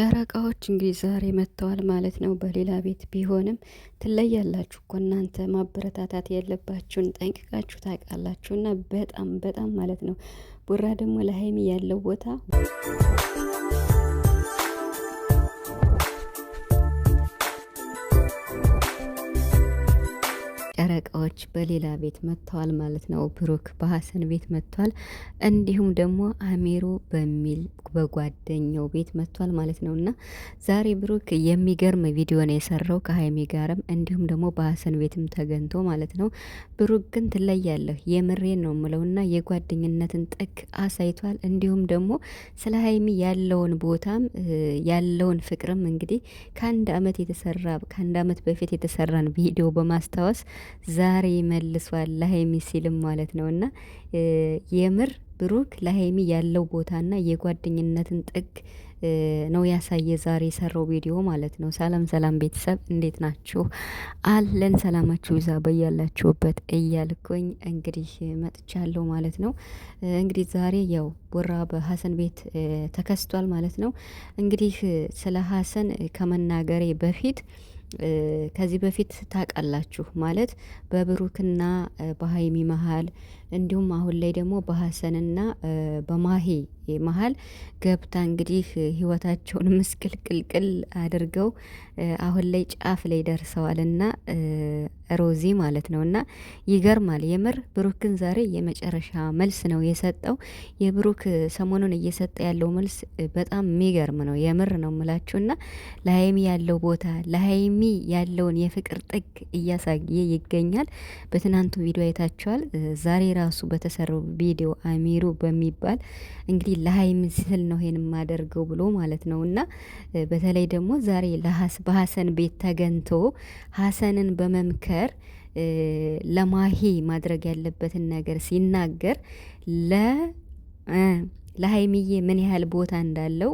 ጨረቃዎች እንግዲህ ዛሬ መጥተዋል ማለት ነው። በሌላ ቤት ቢሆንም ትለያላችሁ እኮ እናንተ ማበረታታት ያለባችሁን ጠንቅቃችሁ ታውቃላችሁ። እና በጣም በጣም ማለት ነው ቡራ ደግሞ ለሀይሚ ያለው ቦታ ጨረቃዎች በሌላ ቤት መጥተዋል ማለት ነው። ብሩክ በሀሰን ቤት መጥቷል። እንዲሁም ደግሞ አሜሮ በሚል በጓደኛው ቤት መጥቷል ማለት ነው እና ዛሬ ብሩክ የሚገርም ቪዲዮ ነው የሰራው ከሀይሚ ጋርም እንዲሁም ደግሞ በሀሰን ቤትም ተገኝቶ ማለት ነው። ብሩክ ግን ትለያለህ፣ የምሬ ነው ምለው እና የጓደኝነትን ጥግ አሳይቷል። እንዲሁም ደግሞ ስለ ሀይሚ ያለውን ቦታም ያለውን ፍቅርም እንግዲህ ከአንድ አመት የተሰራ ከአንድ አመት በፊት የተሰራን ቪዲዮ በማስታወስ ዛሬ መልሷል ለሀይሚ ሲልም ማለት ነው። እና የምር ብሩክ ለሀይሚ ያለው ቦታና የጓደኝነትን ጥግ ነው ያሳየ ዛሬ የሰራው ቪዲዮ ማለት ነው። ሰላም ሰላም ቤተሰብ እንዴት ናችሁ? አለን ሰላማችሁ ይዛ በያላችሁበት እያልኩኝ እንግዲህ መጥቻለሁ ማለት ነው። እንግዲህ ዛሬ ያው ቦራ በሀሰን ቤት ተከስቷል ማለት ነው። እንግዲህ ስለ ሀሰን ከመናገሬ በፊት ከዚህ በፊት ታውቃላችሁ ማለት በብሩክና በሀይሚ መሀል እንዲሁም አሁን ላይ ደግሞ በሀሰንና በማሄ መሀል ገብታ እንግዲህ ህይወታቸውን ምስቅልቅልቅል አድርገው አሁን ላይ ጫፍ ላይ ደርሰዋልና ሮዚ ማለት ነው። እና ይገርማል የምር ብሩክን ዛሬ የመጨረሻ መልስ ነው የሰጠው። የብሩክ ሰሞኑን እየሰጠ ያለው መልስ በጣም የሚገርም ነው። የምር ነው ምላችሁና ለሀይሚ ያለው ቦታ ለሀይሚ ለሀይሚ ያለውን የፍቅር ጥግ እያሳየ ይገኛል። በትናንቱ ቪዲዮ አይታችኋል። ዛሬ ራሱ በተሰራው ቪዲዮ አሚሩ በሚባል እንግዲህ ለሀይሚ ስል ነው ይሄን የማደርገው ብሎ ማለት ነው እና በተለይ ደግሞ ዛሬ በሀሰን ቤት ተገንቶ ሀሰንን በመምከር ለማሂ ማድረግ ያለበትን ነገር ሲናገር ለ ለሀይሚዬ ምን ያህል ቦታ እንዳለው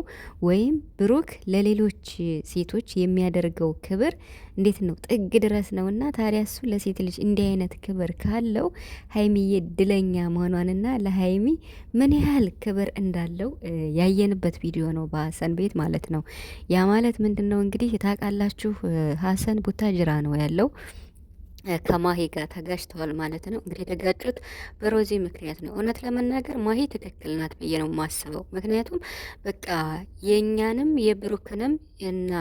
ወይም ብሩክ ለሌሎች ሴቶች የሚያደርገው ክብር እንዴት ነው? ጥግ ድረስ ነው እና ታዲያ እሱ ለሴት ልጅ እንዲህ አይነት ክብር ካለው ሀይሚዬ እድለኛ መሆኗንና ለሀይሚ ምን ያህል ክብር እንዳለው ያየንበት ቪዲዮ ነው፣ በሀሰን ቤት ማለት ነው። ያ ማለት ምንድን ነው እንግዲህ ታውቃላችሁ፣ ሀሰን ቡታጅራ ነው ያለው ከማሂ ጋር ተጋጭተዋል ማለት ነው። እንግዲህ የተጋጩት በሮዚ ምክንያት ነው። እውነት ለመናገር ማሂ ትክክል ናት ብዬ ነው የማስበው። ምክንያቱም በቃ የእኛንም የብሩክንም እና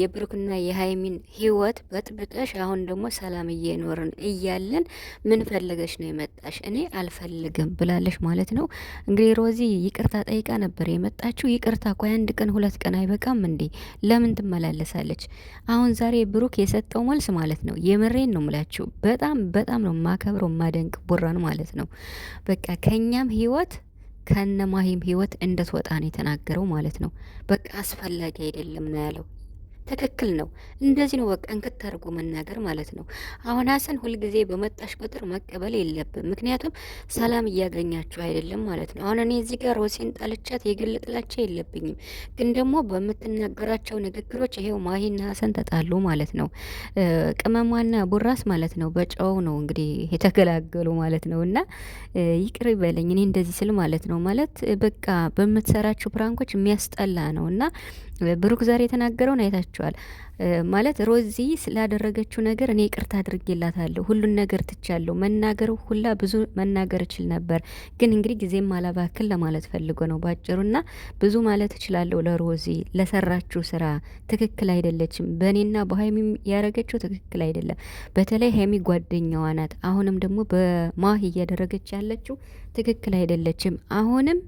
የብሩክና የሀይሚን ህይወት በጥብጠሽ አሁን ደግሞ ሰላም እየኖርን እያለን ምን ፈለገች ነው የመጣሽ? እኔ አልፈልግም ብላለሽ ማለት ነው። እንግዲህ ሮዚ ይቅርታ ጠይቃ ነበር የመጣችው። ይቅርታ እኮ አንድ ቀን ሁለት ቀን አይበቃም እንዴ? ለምን ትመላለሳለች? አሁን ዛሬ ብሩክ የሰጠው መልስ ማለት ነው። የምሬን ነው ምላችሁ። በጣም በጣም ነው ማከብረው ማደንቅ ቡራን ማለት ነው። በቃ ከእኛም ህይወት ከነማሂም ህይወት እንደትወጣ ነው የተናገረው ማለት ነው። በቃ አስፈላጊ አይደለም ነው ያለው። ትክክል ነው። እንደዚህ ነው በቃ እንክት አድርጎ መናገር ማለት ነው። አሁን ሀሰን ሁልጊዜ በመጣሽ ቁጥር መቀበል የለብም፣ ምክንያቱም ሰላም እያገኛችሁ አይደለም ማለት ነው። አሁን እኔ እዚህ ጋር ሮሴን ጣልቻት የግል ጥላቻ የለብኝም፣ ግን ደግሞ በምትናገራቸው ንግግሮች ይሄው ማሂና ሀሰን ተጣሉ ማለት ነው። ቅመሟና ቡራስ ማለት ነው በጨው ነው እንግዲህ የተገላገሉ ማለት ነው። እና ይቅር ይበለኝ እኔ እንደዚህ ስል ማለት ነው ማለት በቃ በምትሰራቸው ፕራንኮች የሚያስጠላ ነው እና ብሩክ ዛሬ የተናገረውን አይታችሁ ይመስላችኋል? ማለት ሮዚ ስላደረገችው ነገር እኔ ይቅርታ አድርጌላታለሁ፣ ሁሉን ነገር ትቻለሁ። መናገር ሁላ ብዙ መናገር እችል ነበር፣ ግን እንግዲህ ጊዜም አላባክል ለማለት ፈልጎ ነው ባጭሩና፣ ብዙ ማለት እችላለሁ። ለሮዚ ለሰራችው ስራ ትክክል አይደለችም። በእኔና በሀይሚ ያደረገችው ትክክል አይደለም። በተለይ ሀይሚ ጓደኛዋ ናት። አሁንም ደግሞ በማህ እያደረገች ያለችው ትክክል አይደለችም። አሁንም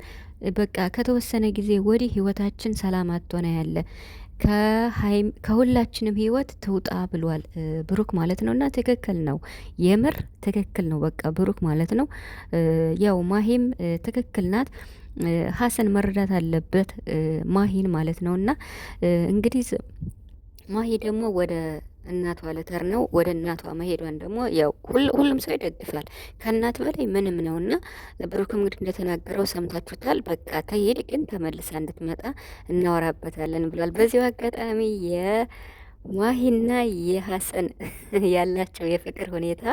በቃ ከተወሰነ ጊዜ ወዲህ ህይወታችን ሰላም አጥቶና ያለ ከሁላችንም ህይወት ትውጣ ብሏል ብሩክ ማለት ነው። እና ትክክል ነው፣ የምር ትክክል ነው። በቃ ብሩክ ማለት ነው። ያው ማሂም ትክክል ናት። ሀሰን መረዳት አለበት ማሂን ማለት ነው። እና እንግዲህ ማሂ ደግሞ ወደ እናቷ ለተር ነው ወደ እናቷ መሄዷን ደግሞ ያው ሁሉም ሰው ይደግፋል። ከእናት በላይ ምንም ነው እና ብሩክም እንግዲህ እንደተናገረው ሰምታችሁታል። በቃ ተሄድ ግን ተመልሳ እንድትመጣ እናወራበታለን ብሏል። በዚሁ አጋጣሚ የ ማሂና የሀሰን ያላቸው የፍቅር ሁኔታ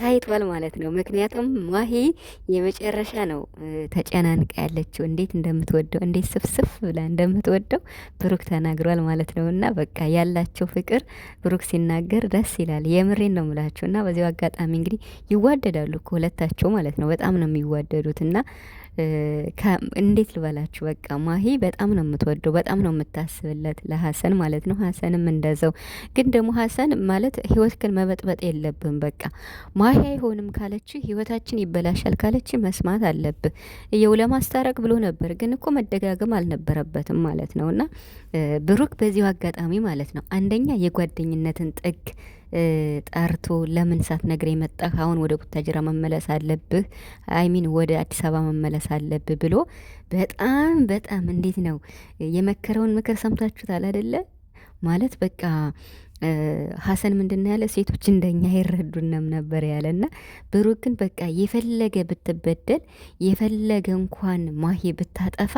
ታይቷል ማለት ነው። ምክንያቱም ማሂ የመጨረሻ ነው ተጨናንቃ ያለችው እንዴት እንደምትወደው እንዴት ስፍስፍ ብላ እንደምትወደው ብሩክ ተናግሯል ማለት ነው። እና በቃ ያላቸው ፍቅር ብሩክ ሲናገር ደስ ይላል። የምሬን ነው ምላችሁ። እና በዚያው አጋጣሚ እንግዲህ ይዋደዳሉ ሁለታቸው ማለት ነው። በጣም ነው የሚዋደዱት እና እንዴት ልበላችሁ በቃ ማሂ በጣም ነው የምትወደው፣ በጣም ነው የምታስብለት ለሀሰን ማለት ነው። ሀሰንም እንደዛው። ግን ደግሞ ሀሰን ማለት ህይወትክን መበጥበጥ የለብም። በቃ ማሂ አይሆንም ካለች ህይወታችን ይበላሻል ካለች መስማት አለብህ። እየው ለማስታረቅ ብሎ ነበር፣ ግን እኮ መደጋገም አልነበረበትም ማለት ነው። እና ብሩክ በዚሁ አጋጣሚ ማለት ነው አንደኛ የጓደኝነትን ጥግ ጠርቶ ለምን ሳትነግረኝ የመጣህ አሁን ወደ ቡታጅራ መመለስ አለብህ፣ አይሚን ወደ አዲስ አበባ መመለስ አለብህ ብሎ በጣም በጣም እንዴት ነው የመከረውን ምክር ሰምታችሁታል አይደለ? ማለት በቃ ሀሰን ምንድን ያለ ሴቶች እንደኛ አይረዱንም ነበር ያለና፣ ብሩክ ግን በቃ የፈለገ ብትበደል የፈለገ እንኳን ማሂ ብታጠፋ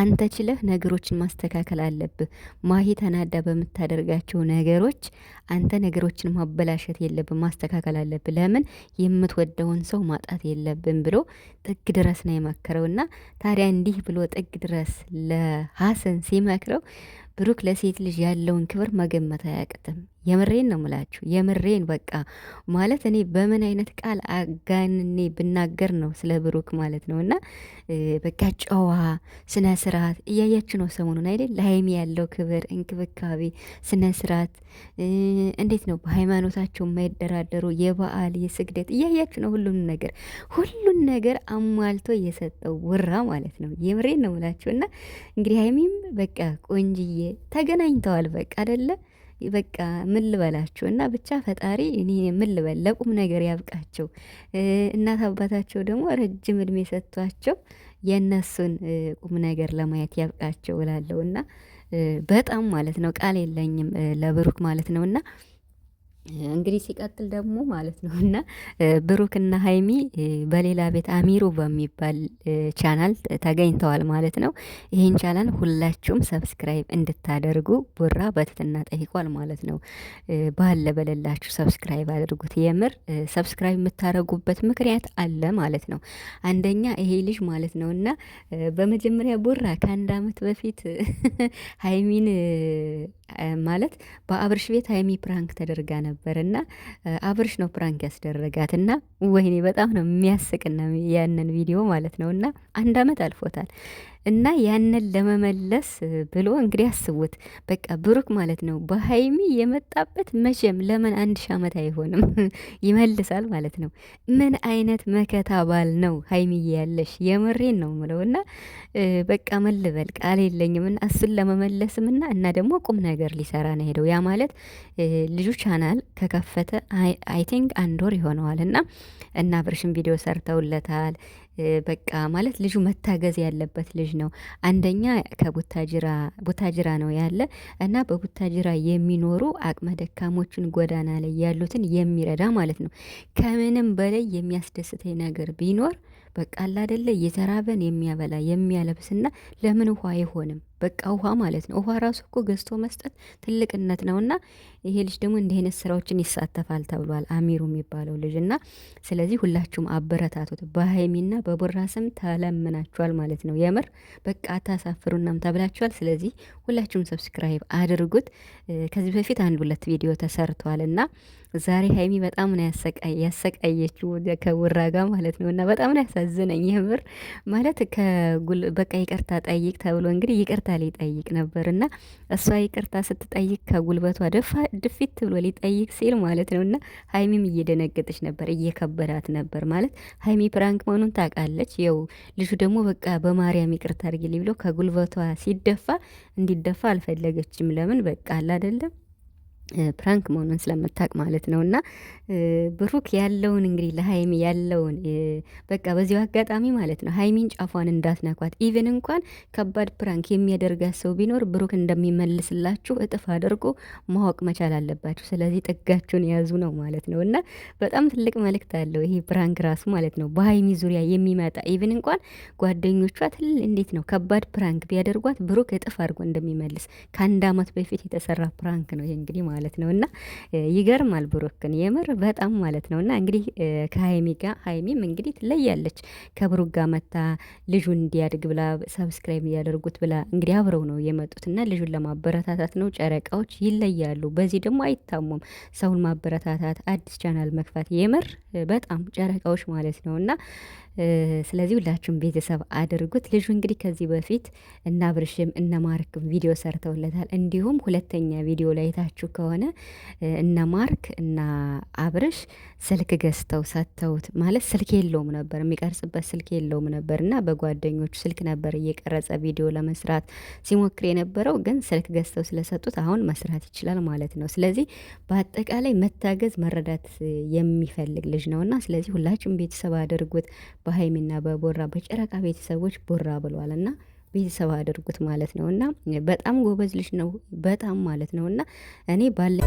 አንተ ችለህ ነገሮችን ማስተካከል አለብህ። ማሂ ተናዳ በምታደርጋቸው ነገሮች አንተ ነገሮችን ማበላሸት የለብን ማስተካከል አለብህ። ለምን የምትወደውን ሰው ማጣት የለብን ብሎ ጥግ ድረስ ነው ና ታዲያ እንዲህ ብሎ ጥግ ድረስ ለሀሰን ሲመክረው ብሩክ ለሴት ልጅ ያለውን ክብር መገመት አያቅትም። የምሬን ነው ምላችሁ። የምሬን በቃ ማለት እኔ በምን አይነት ቃል አጋንኔ ብናገር ነው ስለ ብሩክ ማለት ነው። እና በቃ ጨዋ፣ ስነ ስርዓት እያያችሁ ነው ሰሞኑን አይደል? ለሀይሚ ያለው ክብር፣ እንክብካቤ፣ ስነ ስርዓት እንዴት ነው በሃይማኖታቸው የማይደራደሩ የበዓል የስግደት እያያችሁ ነው። ሁሉን ነገር ሁሉን ነገር አሟልቶ የሰጠው ውራ ማለት ነው። የምሬን ነው ምላችሁ እና እንግዲህ ሀይሚም በቃ ቆንጅዬ ተገናኝተዋል። በቃ አደለም? በቃ ምን ልበላችሁ እና ብቻ ፈጣሪ እኔ ምን ልበል ለቁም ነገር ያብቃቸው። እናት አባታቸው ደግሞ ረጅም እድሜ ሰጥቷቸው የእነሱን ቁም ነገር ለማየት ያብቃቸው እላለሁ እና በጣም ማለት ነው ቃል የለኝም ለብሩክ ማለት ነው እና እንግዲህ ሲቀጥል ደግሞ ማለት ነው እና ብሩክና ሀይሚ በሌላ ቤት አሚሮ በሚባል ቻናል ተገኝተዋል ማለት ነው። ይህን ቻናል ሁላችሁም ሰብስክራይብ እንድታደርጉ ቡራ በትትና ጠይቋል ማለት ነው። ባለ በሌላችሁ ሰብስክራይብ አድርጉት። የምር ሰብስክራይብ የምታደርጉበት ምክንያት አለ ማለት ነው። አንደኛ ይሄ ልጅ ማለት ነው እና በመጀመሪያ ቡራ ከአንድ አመት በፊት ሀይሚን ማለት በአብርሽ ቤት ሀይሚ ፕራንክ ተደርጋ ነበር እና አብርሽ ነው ፕራንክ ያስደረጋት እና ወይኔ በጣም ነው የሚያስቅና ያንን ቪዲዮ ማለት ነው እና አንድ አመት አልፎታል። እና ያንን ለመመለስ ብሎ እንግዲህ አስቡት በቃ ብሩክ ማለት ነው በሀይሚ የመጣበት መቼም ለምን አንድ ሺ ዓመት አይሆንም ይመልሳል ማለት ነው። ምን አይነት መከታ ባል ነው ሀይሚዬ ያለሽ የምሬን ነው ምለው እና በቃ መልበል ቃል የለኝም። እና እሱን ለመመለስም እና እና ደግሞ ቁም ነገር ሊሰራ ነው ሄደው ያ ማለት ልጁ ቻናል ከከፈተ አይ ቲንክ አንድ ወር ይሆነዋል እና እና ብርሽን ቪዲዮ ሰርተውለታል በቃ ማለት ልጁ መታገዝ ያለበት ልጅ ነው። አንደኛ ከቡታጅራ ቡታጅራ ነው ያለ እና በቡታጅራ የሚኖሩ አቅመ ደካሞችን ጎዳና ላይ ያሉትን የሚረዳ ማለት ነው። ከምንም በላይ የሚያስደስተኝ ነገር ቢኖር በቃ አላደለ የተራበን የሚያበላ የሚያለብስና ለምን ውሃ አይሆንም? በቃ ውሃ ማለት ነው። ውሃ ራሱ እኮ ገዝቶ መስጠት ትልቅነት ነውና ይሄ ልጅ ደግሞ እንዲህ አይነት ስራዎችን ይሳተፋል ተብሏል፣ አሚሩ የሚባለው ልጅ እና ስለዚህ ሁላችሁም አበረታቱት። በሀይሚና በቡራ ስም ተለምናችኋል ማለት ነው። የምር በቃ አታሳፍሩናም ተብላችኋል። ስለዚህ ሁላችሁም ሰብስክራይብ አድርጉት። ከዚህ በፊት አንድ ሁለት ቪዲዮ ተሰርቷል እና ዛሬ ሀይሚ በጣም ነው ያሰቃየችው ከውራጋ ማለት ነው። እና በጣም ነው ያሳዝነኝ። ይህ ማለት ከጉል በቃ ይቅርታ ጠይቅ ተብሎ እንግዲህ ይቅርታ ሊጠይቅ ነበር እና እሷ ይቅርታ ስትጠይቅ ከጉልበቷ ድፊት ብሎ ሊጠይቅ ሲል ማለት ነው። እና ሀይሚም እየደነገጠች ነበር፣ እየከበዳት ነበር ማለት ሀይሚ ፕራንክ መሆኑን ታውቃለች። ያው ልጁ ደግሞ በቃ በማርያም ይቅርታ አድርጊልኝ ብሎ ከጉልበቷ ሲደፋ እንዲደፋ አልፈለገችም። ለምን በቃ አላደለም ፕራንክ መሆኑን ስለምታውቅ ማለት ነው። እና ብሩክ ያለውን እንግዲህ ለሀይሚ ያለውን በቃ በዚሁ አጋጣሚ ማለት ነው ሀይሚን ጫፏን እንዳትነኳት። ኢቭን እንኳን ከባድ ፕራንክ የሚያደርጋት ሰው ቢኖር ብሩክ እንደሚመልስላችሁ እጥፍ አድርጎ ማወቅ መቻል አለባችሁ። ስለዚህ ጥጋችሁን የያዙ ነው ማለት ነው። እና በጣም ትልቅ መልእክት አለው ይሄ ፕራንክ ራሱ ማለት ነው። በሀይሚ ዙሪያ የሚመጣ ኢቨን እንኳን ጓደኞቿ ትል እንዴት ነው ከባድ ፕራንክ ቢያደርጓት ብሩክ እጥፍ አድርጎ እንደሚመልስ ከአንድ አመት በፊት የተሰራ ፕራንክ ነው ይሄ እንግዲህ ማለት ማለት ነው። እና ይገርማል ብሩክን የምር በጣም ማለት ነው። እና እንግዲህ ከሀይሚ ጋር ሀይሚም እንግዲህ ትለያለች ከብሩክ ጋር መታ ልጁን እንዲያድግ ብላ ሰብስክራይብ እያደርጉት ብላ እንግዲህ አብረው ነው የመጡት እና ልጁን ለማበረታታት ነው። ጨረቃዎች ይለያሉ። በዚህ ደግሞ አይታሙም። ሰውን ማበረታታት፣ አዲስ ቻናል መክፋት የምር በጣም ጨረቃዎች ማለት ነው እና ስለዚህ ሁላችሁም ቤተሰብ አድርጉት። ልጁ እንግዲህ ከዚህ በፊት እነ አብርሽም እነ ማርክ ቪዲዮ ሰርተውለታል። እንዲሁም ሁለተኛ ቪዲዮ ላይ ታችሁ ከሆነ እነ ማርክ እና አብርሽ ስልክ ገዝተው ሰጥተውት ማለት ስልክ የለውም ነበር፣ የሚቀርጽበት ስልክ የለውም ነበር እና በጓደኞቹ ስልክ ነበር እየቀረጸ ቪዲዮ ለመስራት ሲሞክር የነበረው ግን ስልክ ገዝተው ስለሰጡት አሁን መስራት ይችላል ማለት ነው። ስለዚህ በአጠቃላይ መታገዝ መረዳት የሚፈልግ ልጅ ነውና ስለዚህ ሁላችሁም ቤተሰብ አድርጉት። በሀይሚና በቦራ በጨረቃ ቤተሰቦች ቦራ ብሏልና ቤተሰብ አድርጉት ማለት ነውና በጣም ጎበዝ ልጅ ነው። በጣም ማለት ነውና እኔ ባለ